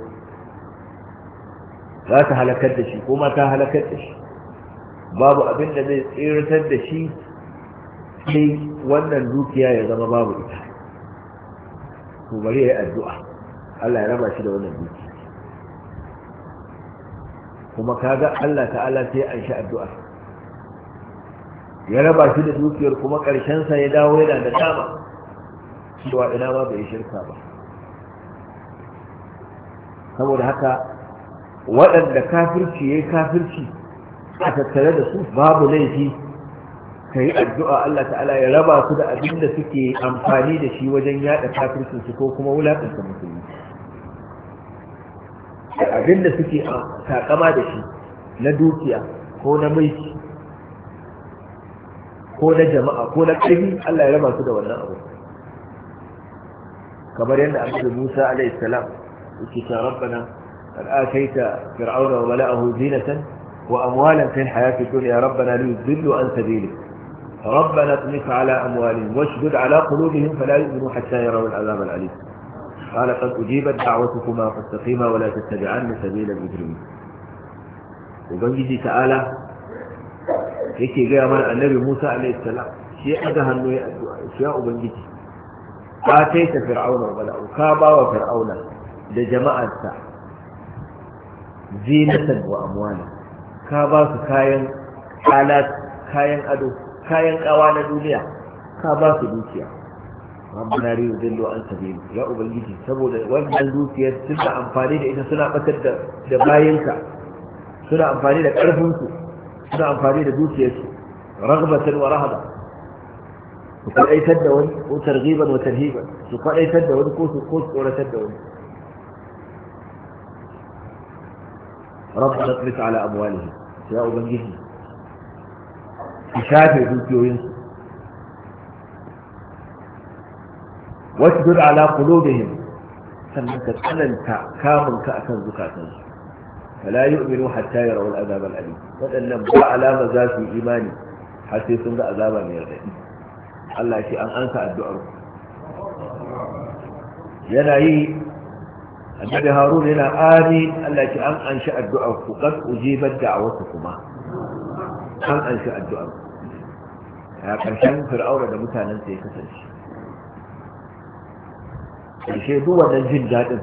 za ta halakar da shi ko ma ta halakar da shi babu abin da zai tsirtar da shi sai wannan dukiya ya zama babu ita Ku bari ya yi addu'a Allah ya raba shi da wannan dukiya kuma kaga Allah ta'ala sai an sha addu'a ya raba shi da dukiyar kuma sa ya dawo yana da dama cewa ina ma bai shirka ba saboda haka waɗanda kafirci ya yi kafirci a tattare da su babu laifi ka yi addu'a Allah ta'ala ya raba su da abin da suke amfani da shi wajen yaɗa kafircinsu ko kuma wulaƙanta musulmi abin da suke takama da shi na dukiya ko na mulki ko na jama'a ko na ƙarfi Allah ya raba su da wannan abu kamar yadda annabi Musa alayhi salam yake ta rabbana qad ataita fir'auna wa mala'ahu zinatan wa amwalan fi hayati dunya rabbana li liyudillu an sabilik ربنا اطمس على أموالهم واشدد على قلوبهم فلا يؤمنوا حتى يروا العذاب الأليم قال قد أجيبت دعوتكما فاستقيما ولا تتبعن سبيل المجرمين وبنجي تعالى yake gaya mana annabi musa alaihi salam shi ya ɗaga hannu ya addu'a shi ya ubangiji ka kai ta fir'auna wa bala'u ka ba wa fir'auna da jama'arsa zinatan wa amwala ka ba su kayan alat kayan ado kayan kawa na duniya ka ba su dukiya rabbana riyu dillu an sabil ya ubangiji saboda wannan dukiyar suna amfani da ita suna batar da bayinka suna amfani da karfin su suna amfani da dukiyarsu ragbatan wa rahaba su kwaɗaitar da wani ko targhiban wa tarhiban su kwaɗaitar da wani ko su ko tsoratar da wani rabbana tsirka ala amwalihim ya ubangiji su shafe dukiyoyinsu wasu dur ala kulubihim sannan ka tsananta kamunka akan zukatansu فلا يؤمنوا حتى يروا العذاب الأليم وأن علامة ذات إيماني حتى يسمى عذابا من الغيب Allah ce an ansa addu'ar yana yi annabi harun yana amin Allah ce an anshi addu'ar ku kan ujibar da'awarku kuma an anshi addu'ar ƙarshen fir'aura da mutanen sai kasance ƙarshe duk wannan jin daɗin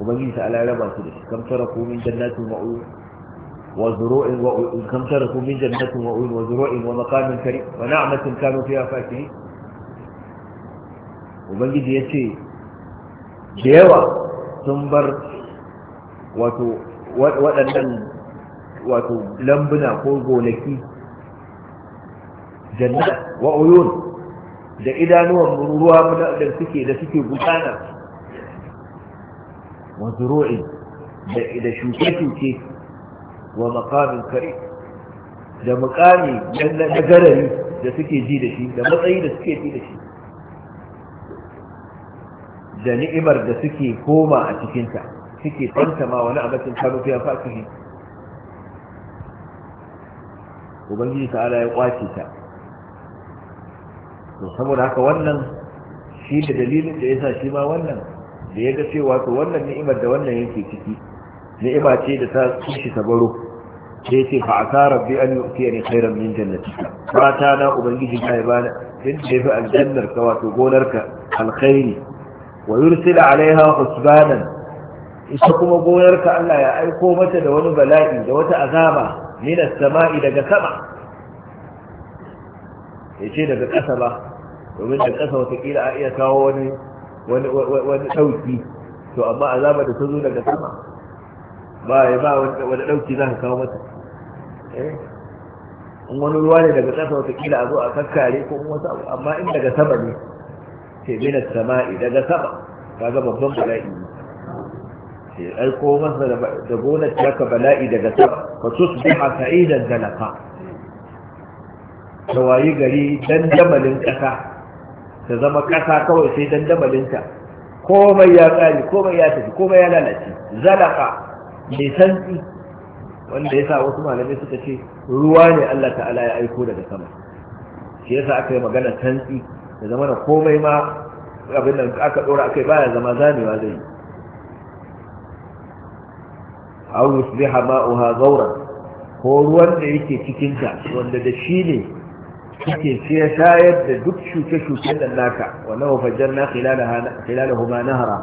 ubangiji ta ala raba su da shi kam taraku min jannatin wa uyun wa zuru'in wa uyun kam taraku min jannatin wa uyun wa zuru'in wa maqamin karim wa na'matin kanu fiha fakihin ubangiji ya ce da yawa sun bar wato waɗannan wato lambuna ko gonaki jannat wa uyun da idanuwan ruwa da suke da suke gudana wa da shuke-shuke wa makamin kare da mukami na garari da suke ji da shi da matsayi da suke ji da shi da ni'imar da suke koma a cikinta suke tantama wani abacin kano fiya ne. ubangiji ta'ala ya kwace ta to saboda haka wannan shi da dalilin da ya sa shi ma wannan da ya ga cewa to wannan ni'imar da wannan yake ciki ni'ima ce da ta kishi baro. sai ce fa asa rabbi an yu'tiyani khairan min jannati fata na ubangiji ka ya bani din da yafi aljannar ka wato gonar ka alkhairi wa yursila alaiha husbanan ita kuma gonar ka Allah ya aiko mata da wani bala'i da wata azaba min as-sama'i daga sama yace daga ƙasa ba domin da ƙasa wata kila a iya kawo wani wani ɗauki to amma azaba da ta zo daga sama ba ya ba wani ɗauki za ka kawo mata eh? in wani ruwa ne daga ƙasa watakila a zo a kakkare ko wasu abu amma in daga sama ne ce minas sama'i daga sama ga babban bala'i ne ai ko masa da gonar taka bala'i daga sama fa tusbiha sa'idan zalafa wayi gari dan dandamalin ƙasa ta zama ƙasa kawai sai dandamalinta komai ya tsari komai ya tafi komai ya lalace zalaka mai santi wanda ya sa wasu malamai suka ce ruwa ne Allah ta'ala ya aiko daga sama shi yasa aka yi magana santi da zama na komai ma abin da aka ɗora akai baya zama zamewa zai yi aw yusbiha ma'uha zauren ko ruwan da yake cikin ta wanda da shi ne yake sai ya shayar da duk shuke shuke da naka wannan wafajar na khilalahu ma nahara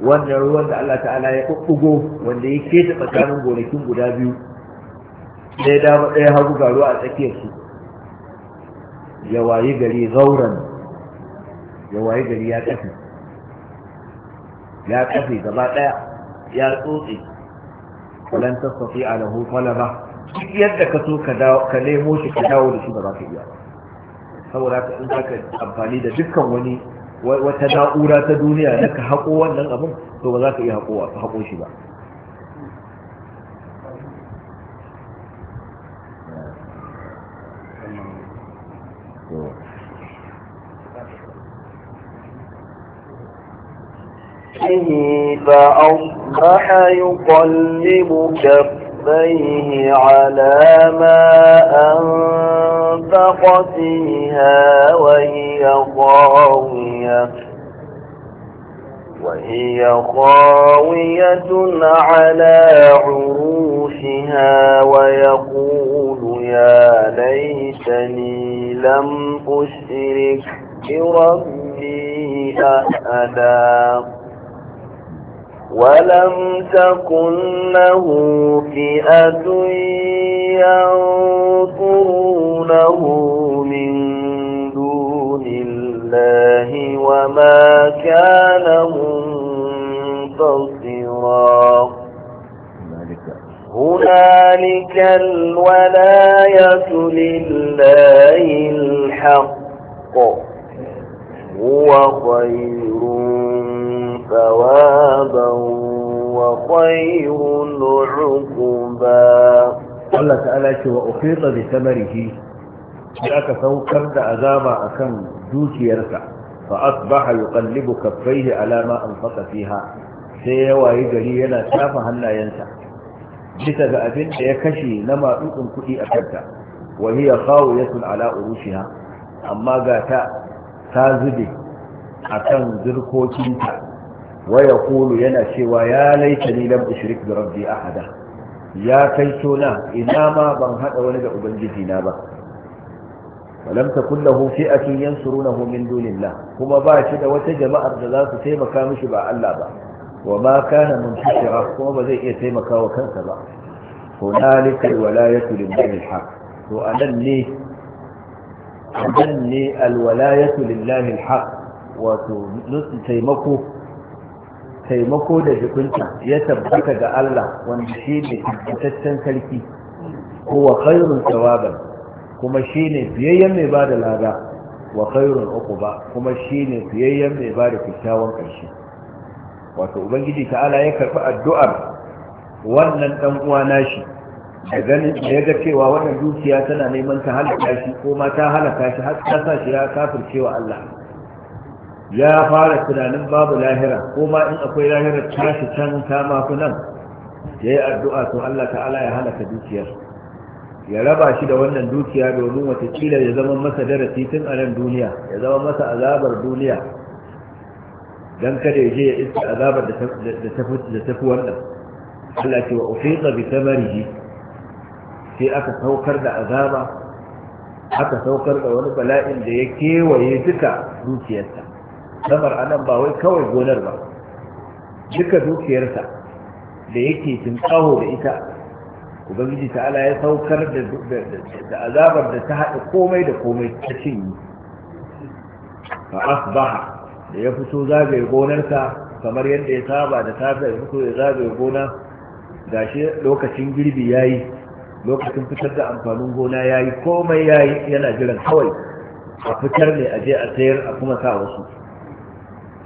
wannan ruwan da Allah ta'ala ya kukkugo wanda ya keta tsakanin gonakin guda biyu ɗaya dama ɗaya hagu ga ruwa a tsakiyarsu. su ya wayi gari zauren ya wayi gari ya kafe ya kafe gaba ɗaya ya tsotse ولن تستطيع له طلبه duk yadda ka so ka nemo shi ka dawo da shi ba za ka iya ba saboda haka in zaka amfani da dukkan wani wata na'ura ta duniya da ka haƙo wannan abin to ba za ka iya haƙo shi ba به فأصبح يقلب كفاه كفيه على ما أنفق فيها وهي خاوية وهي خاوية على عروشها ويقول يا ليتني لم أشرك بربي أحدا ولم تكن له فئة ينصرونه من دون الله وما كان منتصرا هنالك الولاية لله الحق هو خير ثوابا وخير عقبا Allah ta'ala ce wa ofeta bi samarihi sai aka saukar da azaba kan dukiyarsa fa asbaha yuqallibu kaffaihi ala ma anfaqa fiha sai ya wayi gari yana tafa hannayensa bisa ga abinda ya kashe na matsutsun kuɗi a kanta wa hiya khawiyatun ala urushiha amma ga ta ta zube akan zirkokinta waya kulu yana cewa ya laita ni lam ushrik bi rabbi ahada ya kai tona ina ma ban haɗa wani da ubangiji na ba walam takun lahu fi'ati yansurunahu min dunillah kuma ba shi da wata jama'ar da za su taimaka mashi ba Allah ba wa ma kana muntashira kuma ba zai iya taimaka kansa ba hunalika walayatu lillahi alhaq to anan ne anan ne alwalayatu lillahi alhaq wato nutsi taimako taimako da hukunta ya tabbata ga Allah wanda shi ne tabbataccen sarki ko wa khairun thawaban kuma shi ne fiyayyen mai ba da lada wa khairun uquba kuma shi ne fiyayyen mai ba da kyakkyawan ƙarshe wato ubangiji ta'ala ya karɓi addu'ar wannan dan uwa nashi da gani ya ga cewa wannan dukiya tana neman ta halaka shi ko ma ta halaka shi har ta sa shi ya kafircewa Allah ya fara tunanin babu lahira kuma in akwai lahira tashi can ta mafi nan ya yi addu'a to Allah ta'ala ya halaka dukiyar ya raba shi da wannan dukiya domin watakila ya zama masa darasi tun a nan duniya ya zama masa azabar duniya don kada ya je ya iska azabar da tafi wannan Allah ce wa ofiƙa bi marihi sai aka saukar da azaba aka saukar da wani bala'in da ya kewaye duka dukiyarsa a anan ba wai kawai gonar ba duka dukiyarsa da yake tsaho da ita ubangiji ta'ala ya saukar da azabar da ta haɗa komai da komai ta cinye fa asbaha da ya fito zagaye gonarsa kamar yadda ya saba da tasa ya fito ya zagaye gona gashi lokacin girbi yayi lokacin fitar da amfanin gona yayi komai yayi yana jiran kawai a fitar ne a je a sayar a kuma sa wasu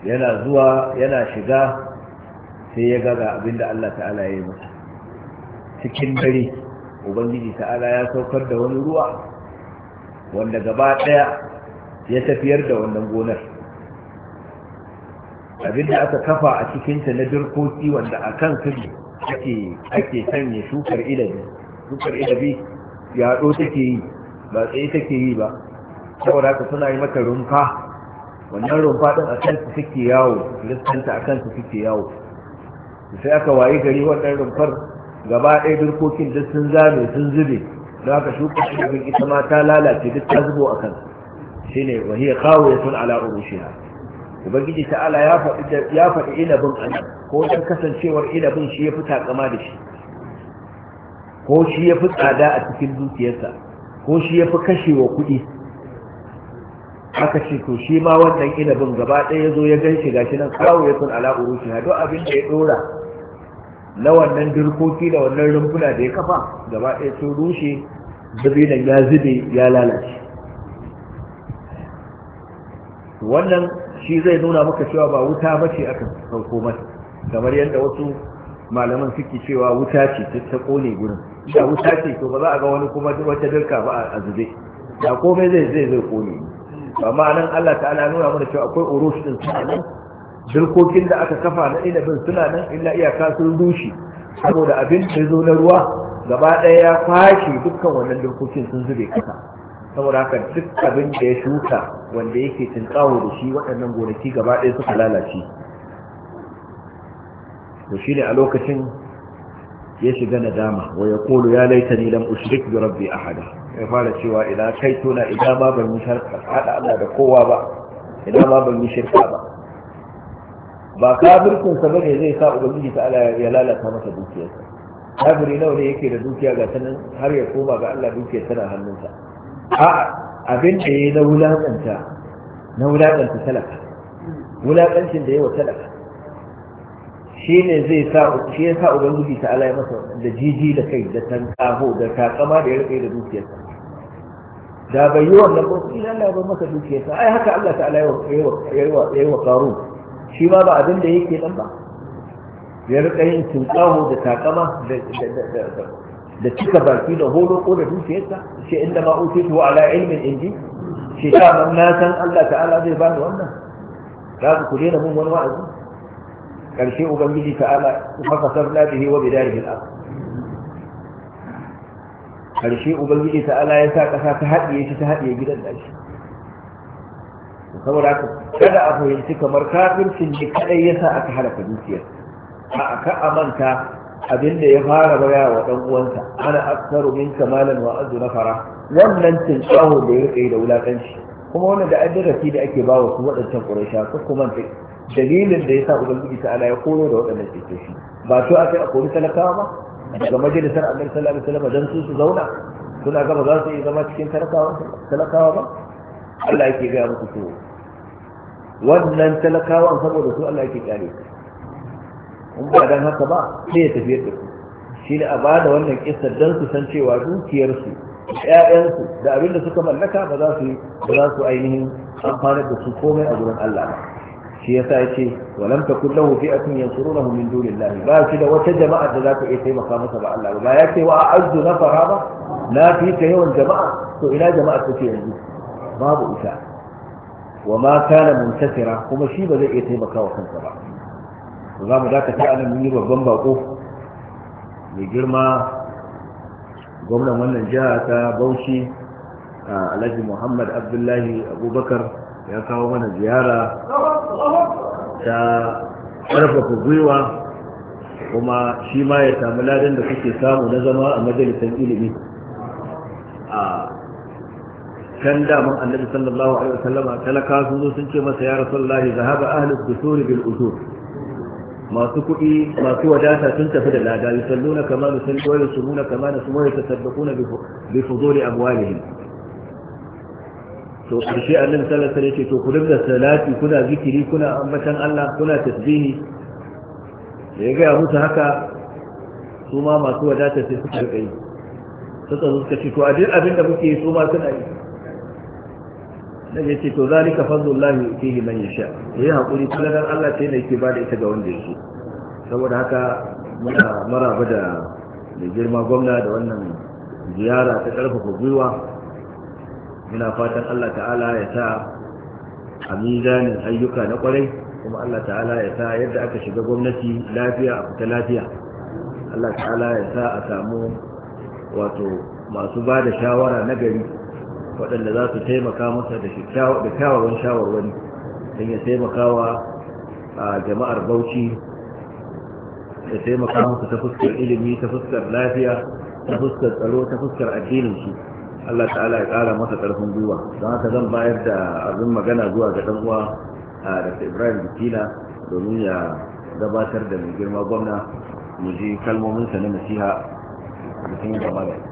yana zuwa yana shiga sai ya gaga abinda Allah ta'ala ya yi masa cikin dare ubangiji ta'ala ya saukar da wani ruwa wanda gaba daya ya tafiyar da wannan gonar abinda aka kafa a cikinta na dirkoki wanda a kan ake sanya shukar ilabi shukar ilabi yaɗo take yi ba tsaye take yi ba saboda ka suna yi mata rumfa wannan rumfa din a kansu suke yawo kiristanta a kansu suke yawo sai aka wayi gari wannan rumfar gaba ɗaya durkokin duk sun zame sun zube don haka shuka shugabin ita ma ta lalace duk ta zubo a kansu shine wahiyar kawo ya sun ala urushiha ubangiji Ala ya faɗi inabin anan ko wajen kasancewar inabin shi ya fi takama da shi ko shi ya fi tsada a cikin dukiyarsa ko shi ya fi kashewa kuɗi aka ce to shi ma wannan inabin gaba ɗaya ya zo ya gan shi gashi nan kawo ya sun ala urushi hado abin da ya ɗora na wannan dirkoki da wannan rumfuna da ya kafa gaba ɗaya sun rushe dabinan ya zube ya lalace wannan shi zai nuna maka cewa ba wuta ba ce aka sauko mata kamar yadda wasu malaman suke cewa wuta ce ta ta kone gurin da wuta ce to ba za a ga wani kuma wata dirka ba a zube da komai zai zai zai kone amma nan Allah ta'ala nuna mana cewa akwai urush din suna nan da aka kafa na inabin suna nan illa iyaka sun rushe saboda abin da zo na ruwa gaba ɗaya ya kwashe dukkan wannan dirkokin sun zube kasa saboda haka duk abin da ya shuka wanda yake tinkawo da shi waɗannan gonaki gaba ɗaya suka lalace to ne a lokacin ya shiga nadama wa ya kolo ya laita ni lam ushrik bi rabbi ahada ya fara cewa ina kai tona ina ma ban yi shirka hada Allah da kowa ba ina ma ban yi shirka ba ba kafircin sa bane zai sa ubangiji ta Allah ya lalata masa dukiyarsa kafiri nawa ne yake da dukiya ga sanan har ya koma ga Allah dukiyar tana hannunsa a abin da yayi na wulakanta na wulakanta talaka wulakancin da yawa talaka shi ne zai sa shi ya sa ubangiji ta Allah ya masa da jiji da kai da tankaho da takama da ya rike da dukiyarsa da bai yi wannan ba su ila Allah bar masa dukiyarsa ai haka Allah ta'ala ya yi wa karu shi ma ba abin da yake dan ba ya rika yin tunkaho da takama da cika baki da horo ko da dukiyarsa shi inda ma utitu ala ilmin inji shi ta na san Allah ta'ala zai bani wannan za ku daina mun wani wa'azi karshe ubangiji ta'ala fa kasarna bihi wa bidarihi al-ardh karshe ubangiji ta ala ya sa ƙasa ta hadiye shi ta hadiye gidan da shi saboda kada a fahimci kamar kafircin ne kadai ya sa aka halaka dukiyar a aka amanta abin da ya fara baya wa dan uwansa ana aksaru min kamalan wa azu nafara wannan tsaho da ya rike da wulakanci kuma wannan da addarafi da ake bawa su waɗancan ƙuraisha su kuma dalilin da ya sa ubangiji ta ala ya koyo da waɗannan cece shi ba to a kai a kori talakawa ba daga majalisar annabi sallallahu alaihi wasallam dan su zauna suna gaba za su yi zama cikin talakawa talakawa ba Allah yake ga muku to wannan talakawa saboda su Allah yake kare in ba dan haka ba sai ya tafi da shi ne a ba da wannan kissa dan su san cewa dukiyar su ƴaƴansu da abin da suka mallaka ba za su ba za su ainihin amfana da su komai a gurin Allah ba shi yasa yace walam takul lahu fi'atun yansurunahu min dunillahi ba shi da wata jama'a da za ta iya taimaka masa ba Allah ba ya ce wa a'azzu fara ba na fi ta yawan jama'a to ina jama'a take yanzu babu ita wa ma kana muntasira kuma shi ba zai iya taimaka wa kansa ba za mu dakata a nan yi babban bako mai girma gwamnan wannan jiha ta bauchi alhaji muhammad abdullahi abubakar ya kawo mana ziyara ta ƙarfafa gwiwa kuma shi ma ya samu ladan da kuke samu na zama a majalisar ilimi a kan daman annabi sallallahu alaihi wasallama talaka sun zo sun ce masa ya rasulullahi zahaba ahlus dusuri bil usur masu kuɗi masu wadata sun tafi da lada yusalluna kama nusallu wa yusumuna kama nasumu wa yatasaddaquna bi fuduli amwalihim to ƙarshe annabi sallallahu alaihi wasallam to ku dinga salati kuna zikiri kuna ambatan Allah kuna tasbihi da ya gaya musu haka su ma masu wadata sai suka yi suka suka ce to a duk abin da muke su ma suna yi na ya ce to zalika fadlullahi fihi man yasha yayi hakuri dan Allah sai ne yake ba da ita ga wanda yake saboda haka muna maraba da mai girma gwamna da wannan ziyara ta karfafa gwiwa muna fatan Allah ta'ala ya sa a mizanin ayyuka na kwarai kuma Allah ta'ala ya sa yadda aka shiga gwamnati lafiya a fita lafiya Allah ta'ala ya sa a samu wato masu ba da shawara na gari waɗanda za su taimaka masa da kyawawan shawarwari don ya taimaka a jama'ar bauchi ya taimaka masa ta fuskar ilimi ta fuskar lafiya ta fuskar tsaro ta fuskar addininsu Allah ta'ala ya ƙara masa ƙarfin gwiwa don haka zan bayar da abin magana zuwa ga ɗan uwa Dr. Ibrahim Bikila domin ya gabatar da mai girma gwamna mu ji kalmominsa na nasiha mutum gaba da